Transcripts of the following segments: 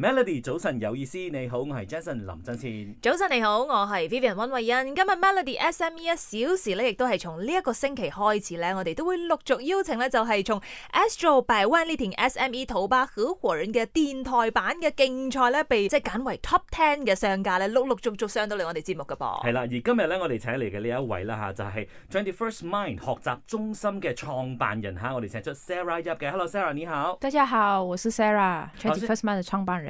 Melody 早晨有意思，你好，我係 Jason 林振倩。早晨你好，我係 Vivian 溫慧欣。今日 Melody S M E 一小時咧，亦都係從呢一個星期開始咧，我哋都會陸續邀請咧，就係、是、從 Astro by One l i t i n S M E 土巴虎學院嘅電台版嘅競賽咧，被即揀為 Top Ten 嘅商家咧，陸,陸陸續續上到嚟我哋節目噶噃。係啦，而今日咧，我哋請嚟嘅呢一位啦吓，就係、是、Twenty First Mind 學習中心嘅創辦人吓，我哋請出 Sarah 入嘅。Hello Sarah，你好。大家好，我是 Sarah Twenty、啊、First Mind 嘅創辦人。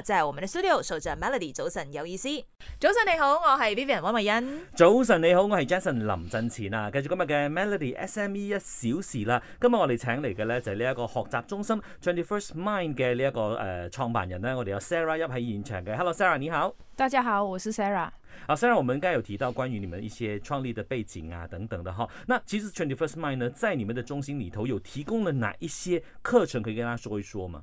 即係我們的 studio，坐着 Melody，早晨有意思。早晨你好，我係 Vivian 汪慧欣。早晨你好，我係 Jason 林振前啊。繼續今日嘅 Melody SME 一小時啦。今日我哋請嚟嘅咧就係呢一個學習中心 Twenty First Mind 嘅呢一個誒、呃、創辦人咧，我哋有 Sarah 喺現場嘅。Hello Sarah，你好。大家好，我是 Sarah。好、啊、，Sarah，我們剛才有提到關於你們一些創立的背景啊等等的哈。那其實 Twenty First Mind 呢，在你們的中心裏頭有提供了哪一些課程，可以跟大家說一說嗎？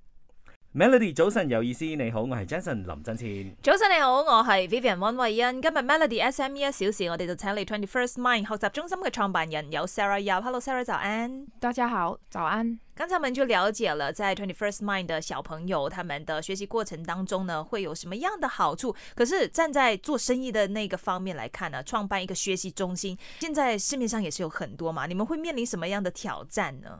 Melody 早晨有意思，你好，我係 Jason 林振千。早晨你好，我係 Vivian Won a 温慧欣。今日 Melody SMEs 小時，我哋就請嚟 Twenty First Mind 學習中心嘅創辦人有 Sarah 有。Yo，Hello Sarah，早安。大家好，早安。剛才我們就了解了，在 Twenty First Mind 嘅小朋友，他們的學習過程當中呢，會有什麼樣的好處？可是站在做生意的那個方面來看呢、啊，創辦一個學習中心，現在市面上也是有很多嘛，你們會面臨什麼樣的挑戰呢？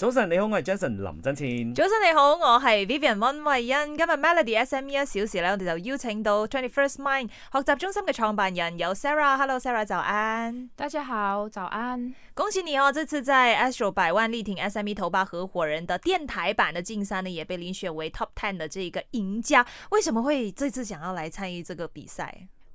早晨，你好，我係 Jason 林振倩。早晨，你好，我係 Vivian 溫慧欣。今日 Melody SME 一小時咧，我哋就邀請到 Twenty First Mind 學習中心嘅創辦人有 Sarah，Hello Sarah，早安。大家好，早安。恭喜你哦，這次在 Astro 百萬力挺 SME 頭八合伙人的電台版的競賽呢，也被遴選為 Top Ten 的這個贏家。為什麼會這次想要來參與這個比賽？